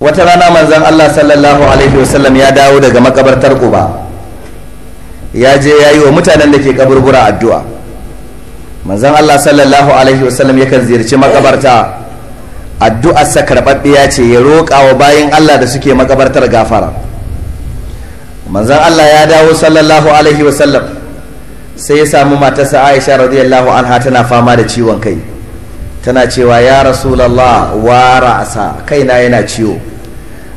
wata rana manzan Allah sallallahu alaihi wasallam ya dawo daga makabartar Quba ya je ya yi wa mutanen da ke kaburbura addu'a manzan Allah sallallahu alaihi wasallam yakan ziyarci makabarta addu'arsa karɓaɓɓiya ce ya roƙa wa bayan Allah da suke makabartar gafara manzan Allah ya dawo sallallahu alaihi wasallam sai ya samu matarsa Aisha radiyallahu anha tana fama da ciwon kai tana cewa ya rasulallah wa ra'asa kaina yana ciwo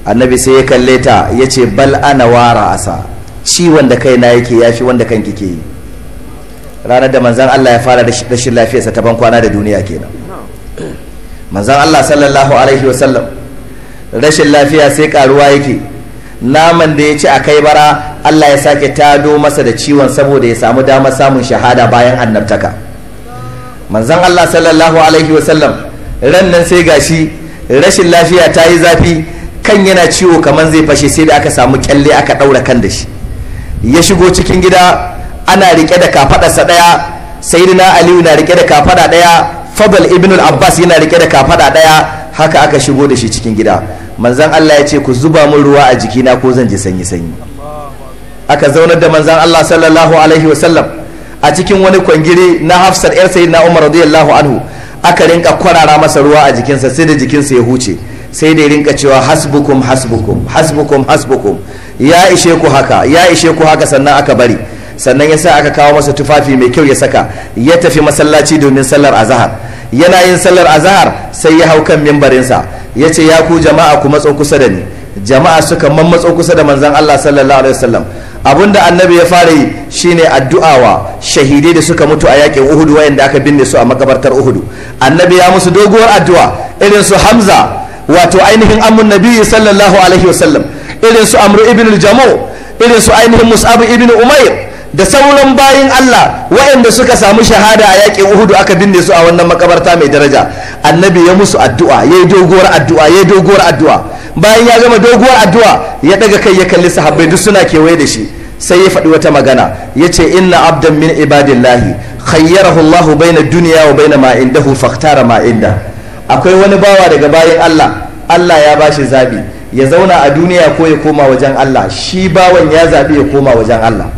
annabi sai ya kalle ta ya ce bal ana wa ra'asa ciwon da kaina yake ya fi wanda kanki ke yi ranar da manzan Allah ya fara rashin lafiyarsa ta ban kwana da duniya kenan manzan Allah sallallahu alaihi wasallam rashin lafiya sai karuwa yake naman da ya ci a kai bara Allah ya sake tado masa da ciwon saboda ya samu damar samun shahada bayan annabtaka manzan Allah sallallahu alaihi wasallam ran nan sai gashi rashin lafiya ta yi zafi kan yana ciwo kamar zai fashe sai da aka samu kyalle aka daura kan da shi ya shigo cikin gida ana rike da kafaɗarsa daya sayyidina aliyu na rike da kafaɗa ɗaya fadl ibnul abbas yana rike da kafaɗa daya haka aka shigo da shi cikin gida manzan allah ya ce ku zuba min ruwa a jikina ko zan ji sanyi sanyi aka zaunar da manzan allah sallallahu alaihi wasallam a cikin wani kwangiri na hafsar yar sayyidina umar radiyallahu anhu aka rinka kwarara masa ruwa a jikinsa sai da jikinsa ya huce sai da rinka cewa hasbukum hasbukum hasbukum hasbukum ya ishe ku haka ya ishe ku haka sannan aka bari sannan ya sa aka kawo masa tufafi mai kyau ya saka ya tafi masallaci domin sallar azahar yana yin sallar azahar sai ya hau kan mimbarinsa ya ce ya ku jama'a ku matso kusa da ni jama'a suka mammatso kusa da manzan Allah sallallahu alaihi wasallam abinda annabi ya fara yi shine addu'a wa shahidai da suka mutu a yakin Uhud wayanda aka binne su a makabartar Uhud annabi ya musu doguwar addu'a irin su Hamza wato ainihin ammun nabi sallallahu alaihi wasallam irin su Amr ibn al-Jamu irin su ainihin Mus'ab ibn Umair da sauran bayin Allah waɗanda suka samu shahada a yakin Uhudu aka binne su a wannan makabarta mai daraja annabi ya musu addu'a ya yi doguwar addu'a ya yi doguwar addu'a bayan ya gama doguwar addu'a ya daga kai ya kalli sahabbai duk suna kewaye da shi sai ya faɗi wata magana ya ce inna abdan min ibadillahi khayyarahu Allah baina duniya wa baina ma indahu fakhtara ma inda akwai wani bawa daga bayan Allah Allah ya bashi zabi ya zauna a duniya ko ya koma wajen Allah shi bawan ya zabi ya koma wajen Allah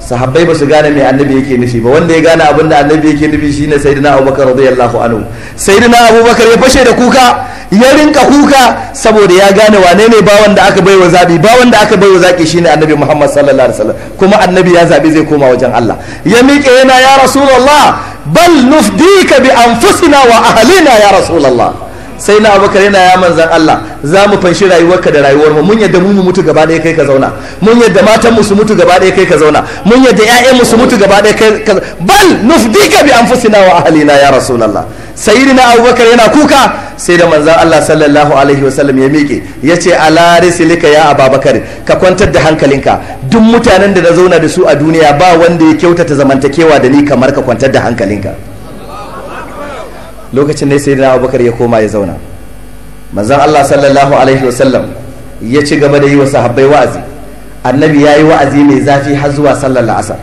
sahabbai ba su gane me annabi yake nufi ba wanda ya gane abin da annabi yake nufi shine sayyidina abubakar radiyallahu anhu sayyidina abubakar ya fashe da kuka ya rinka kuka saboda ya gane wane ne ba wanda aka bai wa zabi ba wanda aka bai wa zaki shine annabi muhammad sallallahu alaihi wasallam kuma annabi ya zabi zai koma wajen allah ya miƙe yana ya rasulullah bal nufdika bi anfusina wa ahlina ya rasulullah sai na abubakar yana ya manzan Allah za mu fanshi rayuwarka da rayuwar mu mun yadda mu mu mutu gaba ɗaya kai ka zauna mun yadda matan mu su mutu gaba ɗaya kai ka zauna mun yadda ƴaƴan mu su mutu gaba ɗaya kai ka bal nufdika bi anfusina wa ahlina ya rasulullah sayyidina abubakar yana kuka sai da manzan Allah sallallahu alaihi wa sallam ya miƙe ya ce ala silika ya ababakar ka kwantar da hankalinka duk mutanen da na zauna da su a duniya ba wanda ya kyautata zamantakewa da ni kamar ka kwantar da hankalinka lokacin ne sayyidina abubakar ya koma ya zauna manzon Allah sallallahu alaihi wasallam ya ci gaba da yi wa sahabbai wa'azi annabi ya yi wa'azi mai zafi har zuwa sallar la'asar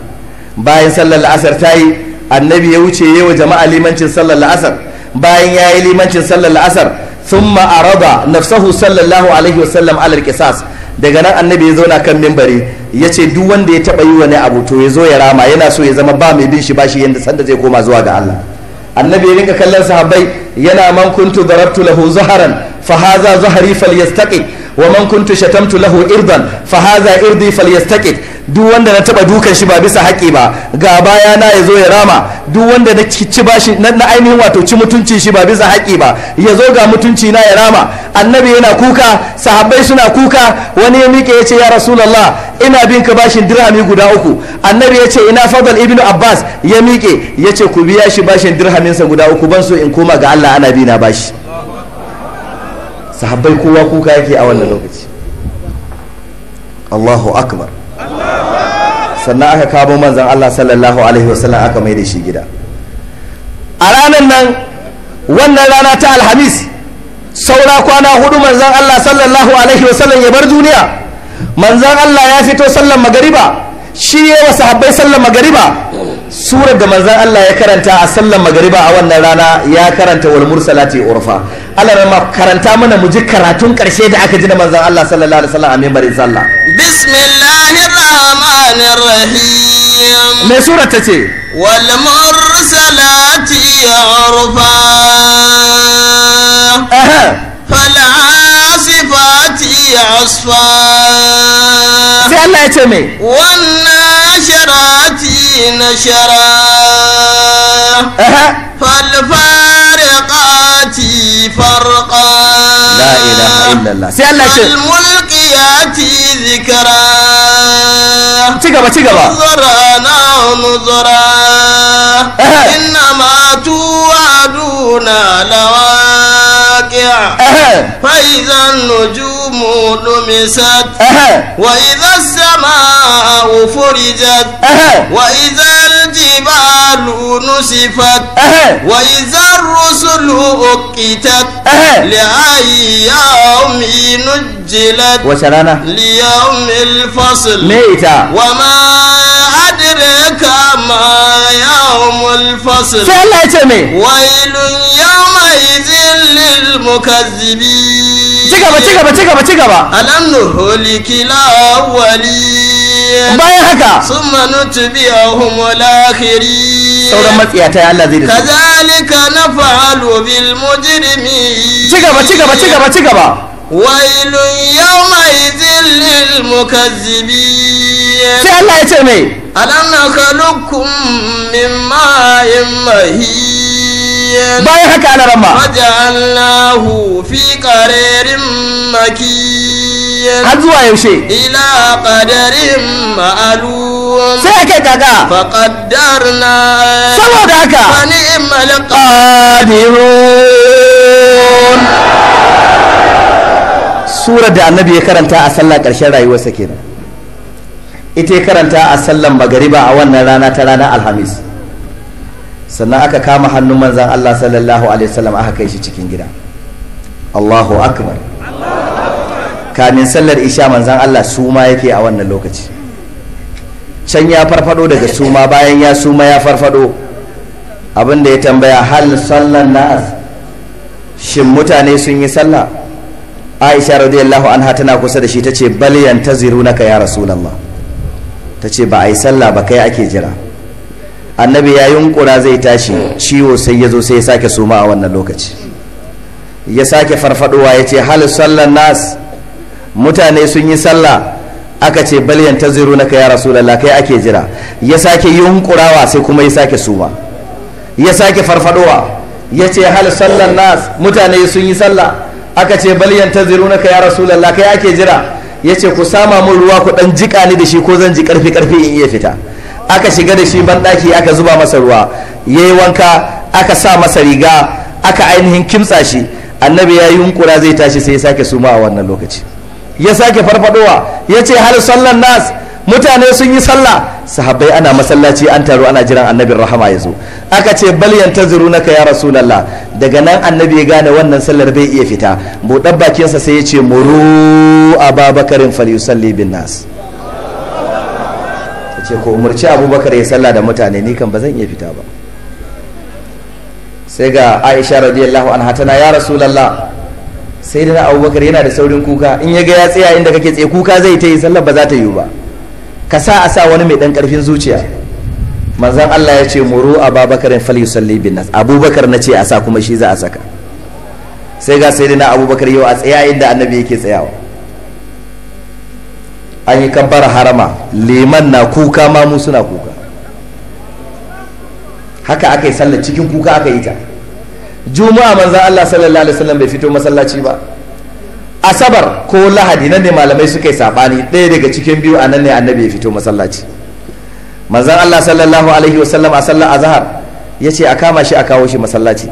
bayan sallar la'asar ta yi annabi ya wuce yi wa jama'a limancin sallar la'asar bayan ya yi limancin sallar la'asar sun ma'araba nafsahu sallallahu alaihi wasallam alar kisas daga nan annabi ya zauna kan mimbari ya ce duk wanda ya taba yi wani abu to ya zo ya rama yana so ya zama ba mai bin shi ba shi yadda sanda zai koma zuwa ga allah annabi ya rinka kallon sahabbai yana man kuntu darabtu lahu zaharan fa haza zahari falyastaqi wa man kuntu shatamtu lahu irdan fa hadha irdi falyastaqit duk wanda na taba dukan shi ba bisa haƙi ba ga baya na ya zo ya rama duk wanda na ci bashi na ainihin wato ci mutunci shi ba bisa haƙi ba ya zo ga mutunci na ya rama annabi yana kuka sahabbai suna kuka wani ya miƙe ya ce ya rasulallah ina bin ka bashin dirhami guda uku annabi ya ce ina fadal ibnu abbas ya miƙe ya ce ku biya shi bashin dirhaminsa guda uku ban so in koma ga allah ana bi na bashi sahabbai kowa kuka yake a wannan lokaci Allahu akbar sannan aka kamo manzan Allah sallallahu alaihi wasallam aka mai da shi gida a ranar nan wannan rana ta alhamis saura kwana hudu manzan Allah sallallahu alaihi wasallam ya bar duniya manzan Allah ya fito sallan magariba shi ya wa sahabbai sallan magariba surar da manzan Allah ya karanta a sallan magariba a wannan rana ya karanta wal mursalati urfa Allah rama karanta mana mu ji karatun karshe da aka ji da manzan Allah sallallahu alaihi wasallam a mimbarin sallah bismillahir me surar ta ce wal mursalati urfa يأتي عصفان sai Allah ya ce me فالفارقات فرقا لا إله إلا الله sai Allah ya ce فالملقيات ذكرا ci gaba ci نظرا نظرا إنما فإذا النجوم لمست وإذا السماء فرجت وإذا الجبال نسفت وإذا الرسل أقتت لأي يوم نجلت وشرانا ليوم الفصل ميتا وما أدرك ما يوم الفصل ويل يوم للمكذبين cigaba cigaba cigaba cigaba alam nuhliki lawali bayan haka summa nutbihum alakhirin sauran matsiyata ya Allah zai da kazalika naf'alu bil mujrimin cigaba cigaba cigaba cigaba wailun yawma idhil lil mukazzibin sai Allah ya ce mai alam nakhalukum min bayan haka ana ramma waja'alnahu fi qararin makiyyin har zuwa yaushe ila qadarin ma'alu sai ake kaga fa saboda haka ani ni'mal qadirun sura da annabi ya karanta a sallah ƙarshen rayuwarsa kenan ita ya karanta a sallan magariba a wannan rana ta ranar alhamis sannan aka kama hannun manzan Allah sallallahu alaihi wasallam aka kai shi cikin gida Allahu akbar kamin sallar isha manzan Allah suma yake a wannan lokaci can ya farfado daga suma bayan ya suma ya farfado abinda ya tambaya hal sallan na'as shin mutane sun yi sallah aisha radiyallahu anha tana kusa da shi tace bal naka ya rasulullah tace ba a yi sallah ba kai ake jira annabi ya yunkura zai tashi ciwo sai ya zo sai ya sake suma a wannan lokaci ya sake farfaduwa ya ce hal sallan nas mutane sun yi sallah aka ce balyan ta ziru na ya rasulallah kai ake jira ya sake yunkurawa sai kuma ya sake suma ya sake farfaduwa ya ce hal sallan nas mutane sun yi sallah aka ce balyan ta ziru na ya rasulallah kai ake jira ya ce ku sama mun ruwa ku dan jika ni da shi ko zan ji karfi karfi in iya fita aka shiga da shi banɗaki aka zuba masa ruwa ya yi wanka aka sa masa riga aka ainihin kimtsa shi annabi ya yi hunkura zai tashi sai ya sake suma a wannan lokaci ya sake farfadowa ya ce hal sallan nas mutane sun yi sallah sahabbai ana masallaci an taro ana jiran annabin rahama ya zo aka ce bal yantaziru naka ya rasulallah daga nan annabi ya gane wannan sallar bai iya fita buɗar bakinsa sai ya ce muru ababakarin yusalli bin nas ce ko umarci abubakar ya sallah da mutane ni kan ba zan iya fita ba sai ga aisha radiyallahu anha tana ya rasulallah sai da abubakar yana da saurin kuka in ya ga ya tsaya inda kake tsaye kuka zai ta yi sallar ba za ta yi ba ka sa a sa wani mai dan karfin zuciya manzan Allah ya ce muru ababakar fal yusalli bin nas abubakar na ce a sa kuma shi za a saka sai ga sayyidina abubakar yau a tsaya inda annabi yake tsayawa an yi kabbar harama liman na kuka mu suna kuka haka aka yi sallar cikin kuka aka yi ta juma'a manzan allah sallallahu alaihi wasallam bai fito masallaci ba asabar ko lahadi nan ne malamai suka yi sabani ɗaya daga cikin biyu a nan ne annabi ya fito masallaci manzan allah sallallahu alaihi wasallam a sallar azhar ya ce a kama shi a kawo shi masallaci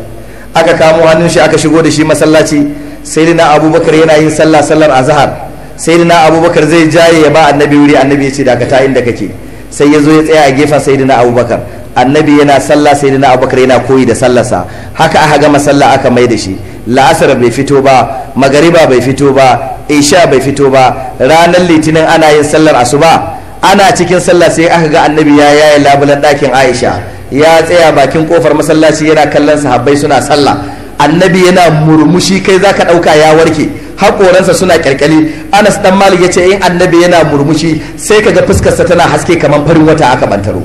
aka kamo hannun shi aka shigo da shi masallaci sai abubakar yana yin sallah sallar azhar saidina abubakar zai jaye ya ba annabi wuri annabi ya ce dakata inda kake sai ya zo ya tsaya a gefen saidina abubakar annabi yana sallah sayyidina abubakar yana koyi da sallasa haka aka gama sallah aka mai da shi la'asar bai fito ba magariba bai fito ba isha bai fito ba ranar litinin ana yin sallar asuba ana cikin sallah sai aka ga annabi ya yaye labulan ɗakin aisha ya tsaya bakin kofar masallaci yana kallon sahabbai suna sallah annabi yana murmushi kai zaka ɗauka ya warke hakoransa suna kyalkyali anas dan malik ce in annabi yana murmushi sai ka ga fuskarsa tana haske kamar farin wata aka bantaro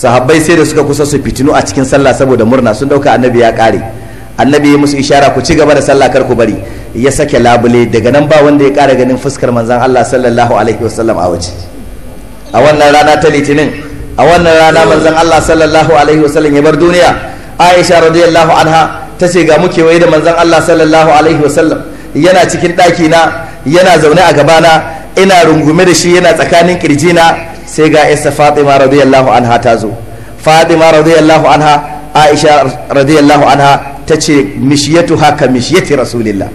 sahabbai sai da suka kusa su fitinu a cikin sallah saboda murna sun dauka annabi ya kare annabi ya musu ishara ku ci gaba da sallah kar ku bari ya sake labule daga nan ba wanda ya kara ganin fuskar manzon Allah sallallahu alaihi wasallam a waje a wannan rana ta litinin a wannan rana manzon Allah sallallahu alaihi wasallam ya bar duniya Aisha radiyallahu anha ta ce ga muke waye da manzon Allah sallallahu alaihi wasallam yana cikin ɗaki na yana zaune a gaba na ina rungume da shi yana tsakanin kirji na sai ga isa fatima radiyallahu anha ta zo fatima radiyallahu anha aisha radiyallahu anha ta ce mishiyatu haka mishiyati rasulillah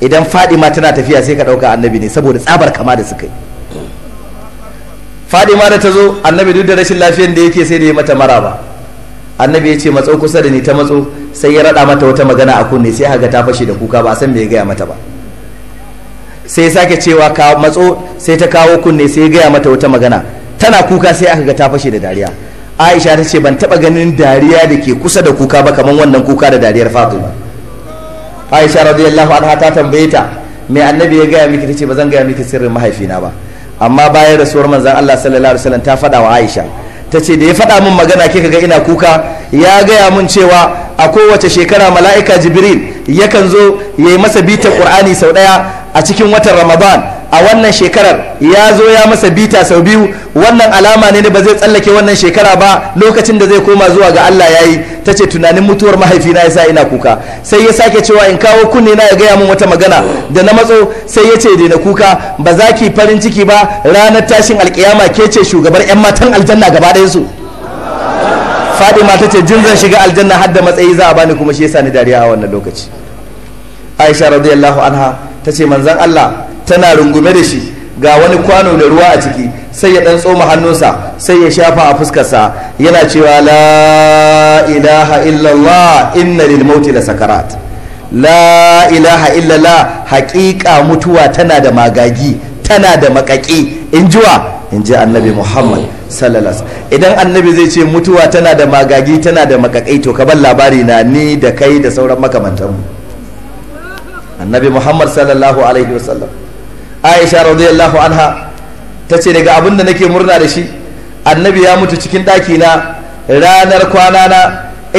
idan fatima tana tafiya sai ka ɗauka annabi ne saboda tsabar kama da suka yi fadima da ta zo annabi duk da rashin lafiyar da yake sai da ya mata maraba annabi ya ce matso kusa da ni ta matso sai ya rada mata wata magana a kunne sai haga ta fashe da kuka ba san me ya gaya mata ba sai sake cewa ka matso sai ta kawo kunne sai ya gaya mata wata magana tana kuka sai aka ga ta fashe da dariya aisha ta ce ban taba ganin dariya da ke kusa da kuka ba kamar wannan kuka da dariyar fatima aisha radiyallahu anha ta tambaye ta me annabi ya gaya miki tace ba zan gaya miki sirrin mahaifina ba amma bayan rasuwar manzon Allah sallallahu alaihi wasallam ta fada wa aisha ta ce da ya faɗa min magana ke ga ina kuka ya gaya min cewa a kowace shekara mala'ika jibril yakan zo ya yi masa bitar ƙur'ani sau ɗaya a cikin watan ramadan a wannan shekarar ya zo ya masa bita sau biyu wannan alama ne ba zai tsallake wannan shekara ba lokacin da zai koma zuwa ga Allah yayi ta ce tunanin mutuwar mahaifina ya sa ina kuka sai ya sake cewa in kawo kunne na ya gaya min wata magana da na matso sai ya ce daina kuka ba za ki farin ciki ba ranar tashin alkiyama ke ce shugabar 'yan matan aljanna gaba ɗayan su fadima ta ce jin zan shiga aljanna har da matsayi za a bani kuma shi yasa ni dariya a wannan lokaci aisha radiyallahu anha ta ce manzon Allah tana rungume da shi ga wani kwano da ruwa a ciki sai ya dan tsoma hannunsa sai ya shafa a fuskarsa yana cewa la ilaha illallah inna lil mauti la sakarat la ilaha illallah haƙiƙa mutuwa tana da magagi tana da makaki in inji in annabi muhammad sallallahu alaihi idan annabi zai ce mutuwa tana da magagi tana da makakai to bar labari na ni da kai da sauran makamantanmu annabi muhammad sallallahu alaihi wasallam aisha radiyallahu anha ta ce daga abin da nake murna da shi annabi ya mutu cikin ɗakina ranar kwana na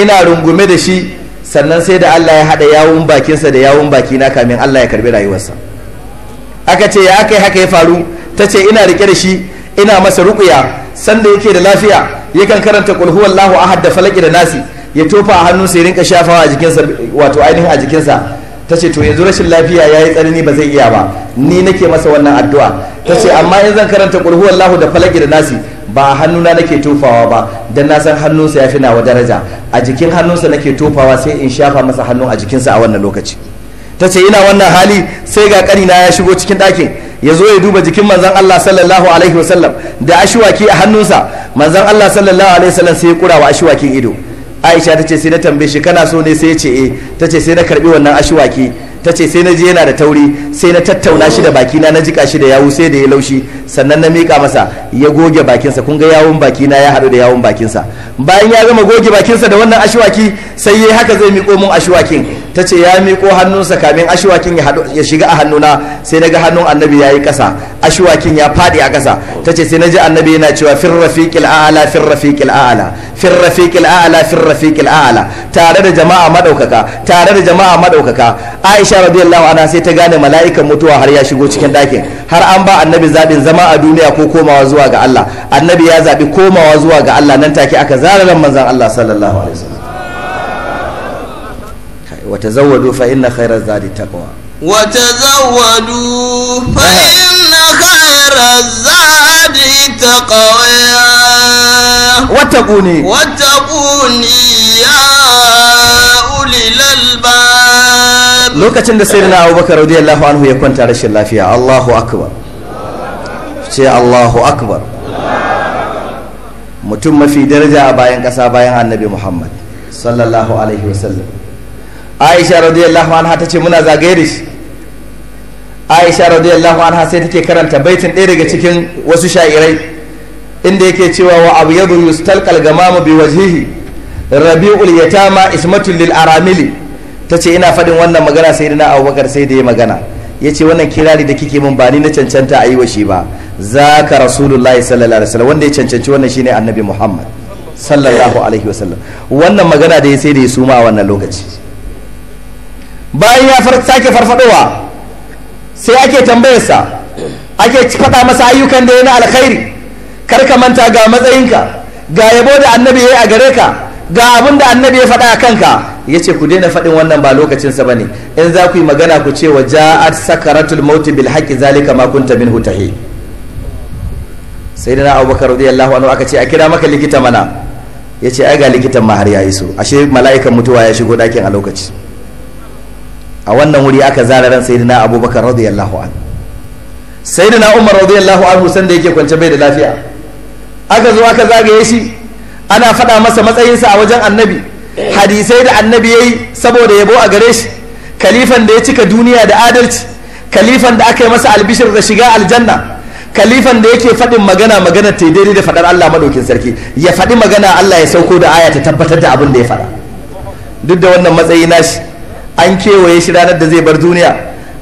ina rungume da shi sannan sai da allah ya haɗa yawun bakinsa da yawun bakina kamin allah ya karbi rayuwarsa aka ce ya aka haka ya faru ta ce ina rike da shi ina masa ruƙuya sanda yake da lafiya yakan karanta huwallahu ahad da falaki da nasi ya tofa a hannunsa ya rinka shafawa a jikinsa wato ainihin a jikinsa ta ce to yanzu rashin lafiya ya yi tsanani ba zai iya ba ni nake masa wannan addu'a ta ce amma in zan karanta ƙulhu lahu da falaki da nasi ba hannuna nake tofawa ba dan na san hannunsa ya fi nawa daraja a jikin hannunsa nake tofawa sai in shafa masa hannu a jikinsa a wannan lokaci ta ce ina wannan hali sai ga na ya shigo cikin ɗakin ya zo ya duba jikin manzon Allah sallallahu alaihi wasallam da ashiwaki a hannunsa manzon Allah sallallahu alaihi wasallam sai ya kura wa ashiwakin ido aisha ta ce sai na tambaye shi kana so ne sai ce eh ta ce sai na karbi wannan ashwaki ta ce sai na je yana da tauri sai na tattauna shi da bakina na jika shi da yawu sai da ya laushi sannan na miƙa masa ya goge bakinsa kun ga yawun bakina ya haɗu da yawun bakinsa bayan ya gama goge bakinsa da wannan ashwaki sai yayi haka zai miƙo mun ashwakin ta ce ya miƙo hannunsa kamin ashiwakin ya shiga a hannuna sai na ga hannun annabi ya yi ƙasa ashiwakin ya faɗi a ƙasa ta ce sai na ji annabi yana cewa rafiƙil a'ala rafiƙil a'ala rafiƙil a'ala rafiƙil a'ala tare da jama'a maɗaukaka tare da jama'a maɗaukaka aisha radiyallahu anha sai ta gane mala'ikan mutuwa har ya shigo cikin ɗakin har an ba annabi zaɓin zama a duniya ko komawa zuwa ga Allah annabi ya zaɓi komawa zuwa ga Allah nan take aka zara ran manzon Allah sallallahu alaihi wasallam وتزودوا فإن خير الزاد التقوى وتزودوا فإن خير الزاد التقوى واتقوني واتقوني يا أولي الألباب لوكا سيدنا أبو بكر رضي الله عنه يكون rashin اللافية الله أكبر شيء الله أكبر mutum mafi daraja a bayan ƙasa bayan annabi muhammad sallallahu alaihi wasallam aisha radiyallahu anha ta ce muna zagaye da shi aisha radiyallahu anha sai take karanta baitin ɗaya daga cikin wasu sha'irai inda yake cewa wa abu yadu yustalqal gamamu bi wajhihi rabi'ul yatama ismatul lil aramili tace ina fadin wannan magana sai na abubakar sai da ya magana yace wannan kirari da kike mun ba ni na cancanta a washi shi ba zaka rasulullahi sallallahu alaihi wasallam wanda ya cancanci wannan shine annabi muhammad sallallahu alaihi wasallam wannan magana da ya sai da ya suma a wannan lokaci bayan ya sake farfadowa sai ake tambayarsa ake faɗa masa ayyukan da ya na alkhairi kar ka manta ga matsayinka ga yabo da annabi ya yi a gare ka ga abin da annabi ya faɗa a kanka ya ce ku daina faɗin wannan ba lokacinsa ba ne in za ku yi magana ku ce wa ja'ad sakaratul mauti bil haƙƙi zalika ma kunta min hutahi sayyidina abubakar radiyallahu anhu aka ce a kira maka likita mana ya ce ai ga likitan ma har ya yi so ashe mala'ikan mutuwa ya shigo ɗakin a lokaci a wannan wuri aka zara ran sayyidina abubakar radiyallahu an sayyidina umar radiyallahu anhu sanda yake kwance bai da lafiya aka zo aka zagaye shi ana faɗa masa matsayinsa a wajen annabi hadisai da annabi yayi saboda yabo a gare shi kalifan da ya cika duniya da adalci kalifan da aka yi masa albishir da shiga aljanna kalifan da yake faɗin magana magana ta daidai da faɗar Allah madaukin sarki ya faɗi magana Allah ya sauko da aya ta tabbatar da abin da ya faɗa duk da wannan matsayi nashi an kewaye shi ranar da zai bar duniya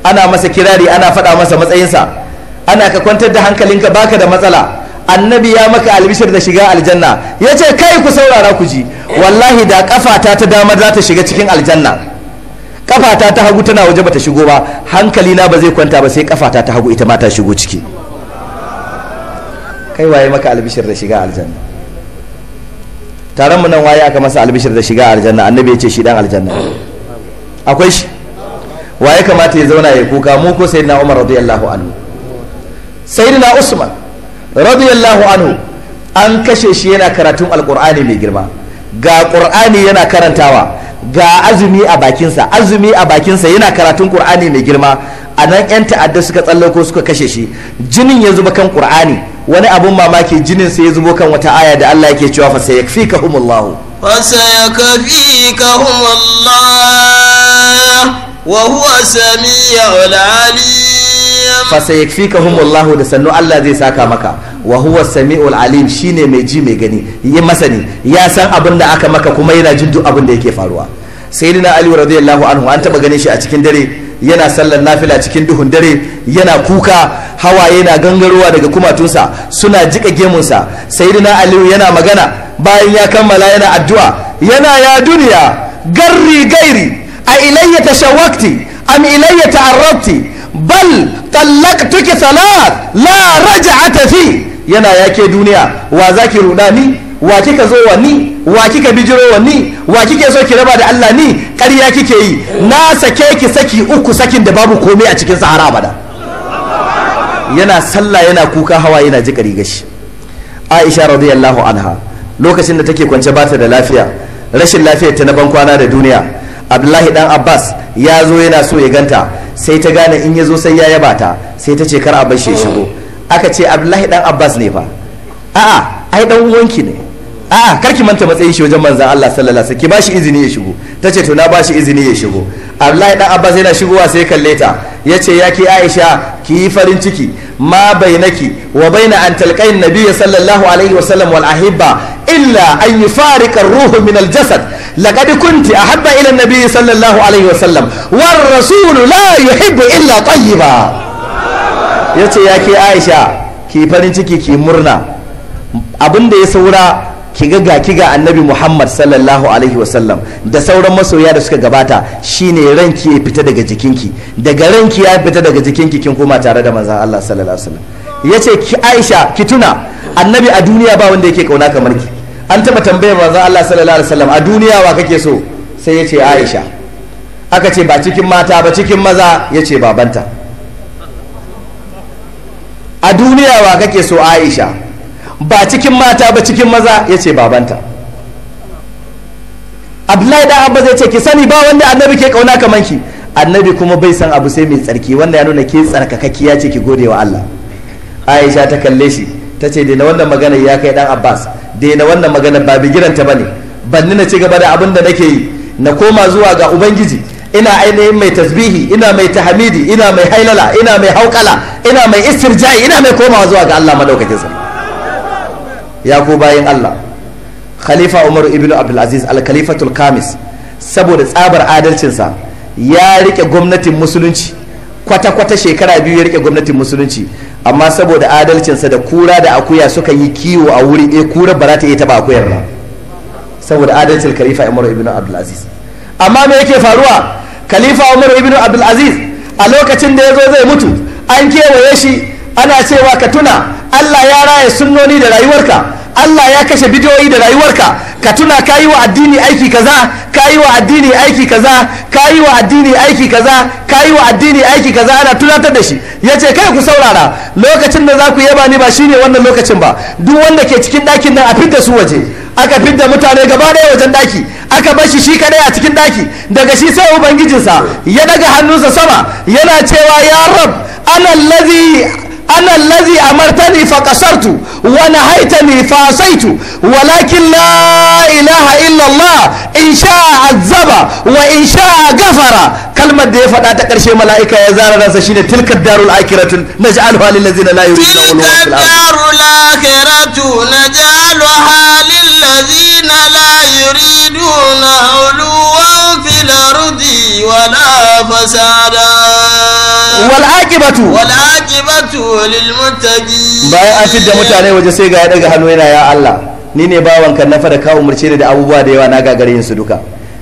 ana masa kirari ana faɗa masa matsayinsa ana ka kwantar da hankalinka baka da matsala annabi ya maka albishir da shiga aljanna ya ce kai ku saurara ku ji wallahi da kafata ta dama za ta shiga cikin aljanna kafata ta hagu tana waje bata shigo ba hankali na ba zai kwanta ba sai kafata ta hagu ita ma ta shigo ciki kai waye maka albishir da shiga aljanna taron mu nan waye aka masa albishir da shiga aljanna annabi ya ce shi dan aljanna akwai shi wa ya kamata ya zauna ya kuka mu ko sayyidina Umar radiyallahu anhu sayyidina Usman radiyallahu anhu an kashe shi yana karatun alkur'ani mai girma ga qur'ani yana karantawa ga azumi a bakinsa azumi a bakinsa yana karatun qur'ani mai girma a nan 'yan ta'adda suka tsallako suka kashe shi jinin ya zuba kan qur'ani wani abun mamaki jinin sai ya zubo kan wata aya da Allah yake cewa fa sayakfikahumullahu fa sayakfikahumullahu وهو سميع العليم فسيكفيكهم الله ده da sannu Allah zai saka maka wa العليم شيني shi ne mai ji mai gani yi masani ya san abin da aka maka kuma yana jin duk abin da yake faruwa sayyidina ali radiyallahu anhu an taɓa ganin shi cikin dare yana sallar nafila cikin duhun dare yana kuka hawaye na gangarowa daga kumatunsa suna jika gemunsa sayyidina ali yana magana bayan ya kammala yana addu'a yana ya duniya garri gairi أإلي تشوقت أم إلي تعرضت بل طلقتك la raja رجعة فيه yana yake duniya wa za ki ruɗa ni wa kika zo wa ni wa kika bijiro wa ni wa kike so ki raba da Allah ni karya kike yi na sake ki saki uku sakin da babu komai a cikin sahara bada. yana sallah yana kuka hawa yana ji ƙari gashi Aisha radiyallahu anha lokacin da take kwance ba ta da lafiya rashin lafiyar ta na bankwana da duniya abdullahi dan abbas ya zo yana so ya ganta sai ta gane in ya zo sai ya yaba ta sai ta ce kar a bar shi shigo aka ce abdullahi dan abbas ne fa a'a ai dan uwanki ne a'a kar ki manta matsayin shi wajen manzan Allah sallallahu alaihi wasallam ki bashi izini ya shigo ta ce to na bashi izini ya shigo abdullahi dan abbas yana shigowa sai kalle ta yace ya ke aisha ki yi farin ciki ma bainaki wa baina an talqain nabiyyi sallallahu alaihi sallam wal ahibba illa an yufarika ruhu min al jasad laqad kunti ahabba ila nabiyyi sallallahu alaihi sallam war rasul la yuhibbu illa tayyiba yace ya aisha ki farin ciki ki murna abinda ya saura ki ga ki ga annabi muhammad sallallahu alaihi wasallam da sauran masoya da suka gabata shine ranki ya fita daga jikinki daga ranki ya fita daga jikinki kin koma tare da manzan allah sallallahu alaihi wasallam ya ce ki aisha ki tuna annabi a duniya ba wanda yake kauna kamar ki an taba tambayar manzan allah sallallahu alaihi wasallam a duniya wa kake so sai ya ce aisha aka ce ba cikin mata ba cikin maza ya ce babanta a duniya wa kake so aisha ba cikin mata ba cikin maza ya ce babanta abdullahi da abba zai ce ki sani ba wanda annabi ke kauna kamar ki annabi kuma bai san abu sai mai tsarki wanda ya nuna ke ya ce ki gode wa Allah Aisha ta kalle shi ta ce daina wannan magana ya kai dan Abbas daina wannan magana ba bigiranta bane banni na ci gaba da abin da nake yi na koma zuwa ga ubangiji ina ainihin mai tasbihi ina mai tahmidi ina mai hailala ina mai haukala ina mai istirja'i ina mai komawa zuwa ga Allah madaukakin sarki ya go bayan Allah khalifa Umar ibn Abdul Aziz al-Khalifatul Kamis saboda tsabar adalcinsa ya rike gwamnatin musulunci kwata-kwata shekara biyu ya rike gwamnatin musulunci amma saboda adalcinsa da kura da akuya suka yi kiwo a wuri eh kura ba za ta iya taba akuyar ba saboda adalcin khalifa Umar ibn Abdul Aziz amma me yake faruwa khalifa Umar ibn Abdul Aziz a lokacin da ya zo zai mutu an kewaye shi ana cewa ka tuna Allah ya raya sunnoni da rayuwarka Allah ya kashe bidiyoyi da rayuwarka ka tuna ka yi wa addini aiki kaza ka yi wa addini aiki kaza ka yi wa addini aiki kaza ka yi wa addini aiki kaza ana tunatar da shi ya ce kai ku saurara lokacin da za ku yaba ni ba shine wannan lokacin ba duk wanda ke cikin ɗakin nan a fidda su waje aka fidda mutane gaba ɗaya wajen ɗaki aka bar shi shi kaɗai a cikin ɗaki daga shi sai ubangijinsa ya daga hannunsa sama yana cewa ya rab ana lazi أنا الذي أمرتني فقصرت ونهيتني فعصيت ولكن لا إله إلا الله إن شاء عذب وإن شاء غفر كلمة دي فدا تكرشي ملائكة يزار راسا شيني تلك الدار الآخرة نجعلها للذين لا يريدون تلك الدار الآخرة نجعلها للذين الذين لا يريدون علوا في mutane. ولا فسادا والعاقبة والعاقبة للمتقين باي أنت متعني وجه سيغا يدغ هنوينا يا الله ni ne bawanka na fara ka umarce da abubuwa da yawa na gagare yin su duka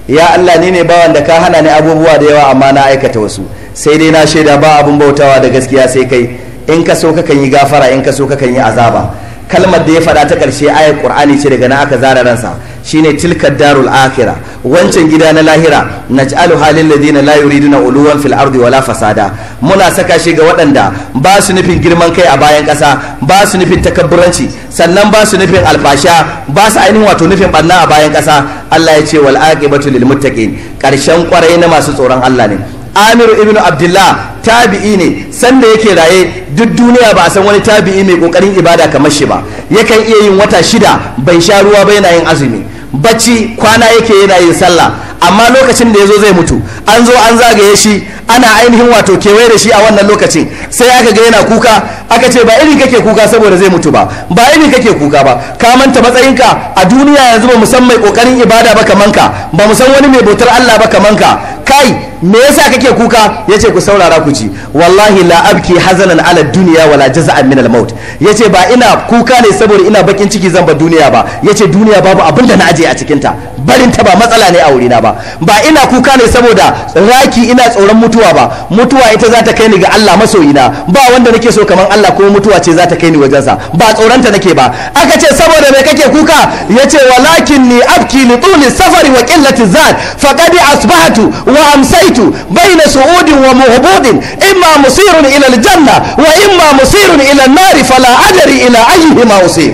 ya Allah ni ne bawan da ka hana ni abubuwa da yawa amma na aikata wasu sai dai na shaida ba abun bautawa da gaskiya sai kai in kaso so kakan yi gafara in ka kakan yi azaba kalmar da ya fada ta karshe ayar ƙur'ani ce daga na aka zara ransa shine tilka darul akhira wancan gida na lahira naj'alu halil ladina la yuriduna uluwan fil ardi wala fasada muna saka shi ga waɗanda ba su nufin girman kai a bayan ƙasa ba su nufin takabburanci sannan ba su nufin alfasha ba su ainihin wato nufin barna a bayan ƙasa Allah ya ce wal aqibatu lil muttaqin ƙarshen ƙwarai na masu tsoron Allah ne amir ibn abdullah tabi'i ne sanda yake raye duk duniya ba a san wani tabi'i mai kokarin ibada kamar shi ba yakan iya yin wata shida ban sha ruwa ba yana yin azumi bacci kwana yake yana yin sallah amma lokacin da ya zo zai mutu an zo an zagaye shi ana ainihin wato kewaye da shi a wannan lokacin sai aka ga yana kuka aka ce ba iri kake kuka saboda zai mutu ba ba iri kake kuka ba ka manta matsayinka a duniya yanzu ba san mai kokarin ibada ba kaman ka ba mu san wani mai bautar Allah ba kaman ka kai me yasa kake kuka yace ku saurara ku ji wallahi la abki hazanan ala dunya wala jaza'an min al maut yace ba ina kuka ne saboda ina bakin ciki zan ba duniya ba yace duniya babu abin da na aje a cikin ta barin ta ba matsala ne a wurina ba ba ina kuka ne saboda raki ina tsoron mutuwa ba mutuwa ita za ta kai ni ga Allah masoyina ba wanda nake so kamar Allah ko mutuwa ce za ta kai ni wajensa ba tsoronta nake ba aka ce saboda me kake kuka yace walakin ni abki li tuli safari wa qillati zad faqad asbahatu wa amsaitu baina su'udin wa muhbudin imma musirun ila aljanna wa imma musirun ila an-nar fala adri ila ayyihima usir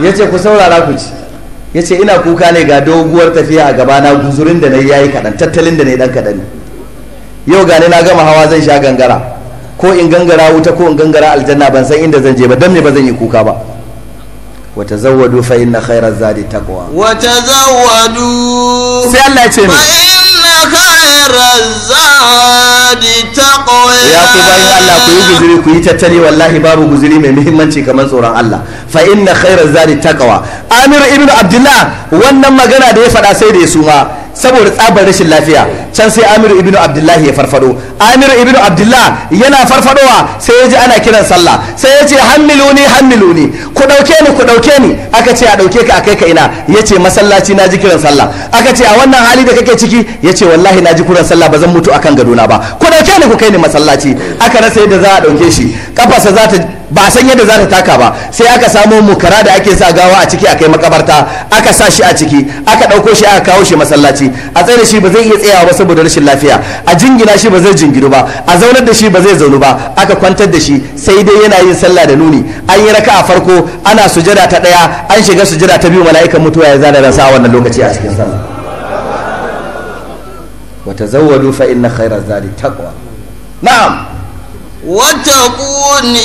yace ku saurara ku ci ya ce ina kuka ne ga doguwar tafiya a gabana guzurin da na yi yayi kaɗan tattalin da na yi ɗan kaɗan yau gani na gama hawa zan sha gangara ko in gangara wuta ko in gangara aljanna ban san inda zan je ba dan ba zan yi kuka ba wata zawadu fa na khayra zadi taqwa wa tazawwadu sai Allah ya ce fa zadi ya Allah ku yi guzuri ku yi tattali wallahi babu guzuri mai muhimmanci kamar tsoron Allah fa inna khairar zadi taqwa amir ibn abdullah wannan magana da ya faɗa sai da ya suma saboda tsabar rashin lafiya can sai amiru ibnu abdullahi ya farfado amiru ibnu abdullah yana farfadowa sai ya ji ana kiran sallah sai ya ce hammiluni hammiluni ku ɗauke ni ku ɗauke ni aka ce a ɗauke ka akai ka ina ya ce masallaci na ji kiran sallah aka ce a wannan hali da kake ciki ya ce wallahi na ji kiran sallah ba zan mutu akan gadona ba ku ɗauke ni ku kai ni masallaci aka rasa yadda za a dauke shi kafasa za ta ba san yadda za ta taka ba sai aka samo mukara da ake sa gawa a ciki a kai makabarta aka sa shi a ciki aka ɗauko shi aka kawo shi masallaci lalace a tsaye shi ba zai iya tsayawa ba saboda rashin lafiya a jingina shi ba zai jinginu ba a zaunar da shi ba zai zaunu ba aka kwantar da shi sai dai yana yin sallah da nuni an yi raka a farko ana sujada ta daya an shiga sujada ta biyu mala'ikan mutuwa ya zana ransa a wannan lokaci a cikin sallah wa tazawwadu fa inna khayra zadi taqwa na'am wattaquni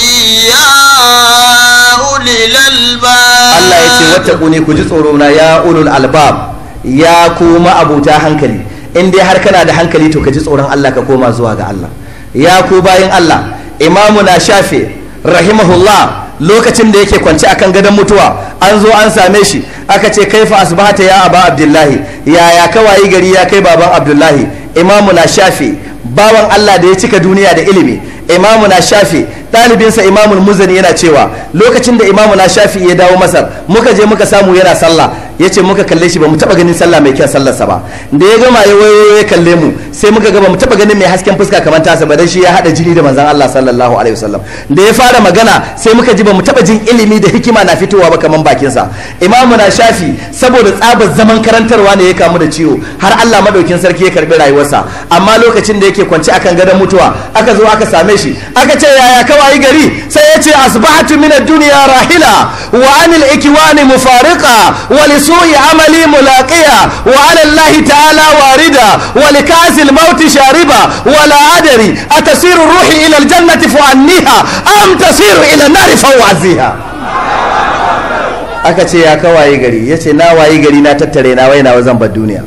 ya ulil albab Allah yace wattaquni ku ji tsoro na ya ulul albab ya kuma abuta hankali in dai har kana da hankali to ka ji tsoron Allah ka koma zuwa ga Allah ya ku bayin Allah imamu na shafe rahimahullah lokacin da yake kwance akan gadon mutuwa an zo an same shi aka ce kaifa asbahata ya aba abdullahi yaya kawai gari ya kai baban abdullahi imamu na shafe bawan Allah da ya cika duniya da ilimi imamu na shafi ɗalibinsa imamu muzani yana cewa lokacin da imamu na shafi ya dawo masar muka je muka samu yana sallah ya ce muka kalle shi ba mu taɓa ganin sallah mai kyan sallarsa ba da ya gama ya ya kalle mu sai muka ga ba mu taɓa ganin mai hasken fuska kamar tasa ba dan shi ya haɗa jini da manzon Allah sallallahu alaihi wasallam da ya fara magana sai muka ji ba mu taɓa jin ilimi da hikima na fitowa ba kamar bakinsa imamu na shafi saboda tsabar zaman karantarwa ne ya kamu da ciwo har Allah madaukin sarki ya karbi rayuwarsa amma lokacin da yake kwance akan gadon mutuwa aka zo aka same same shi aka ce yaya kawai gari sai ya ce asbahatu min ad-dunya rahila wa anil ikwani mufariqa wa li su'i amali mulaqiya wa ala Allah ta'ala warida wa li kasil maut shariba wa la adri atasiru ruhi ila al-jannati fu'anniha am tasiru ila an-nar fawazziha aka ce ya kawai gari yace na wayi gari na tattare na waina zan bar duniya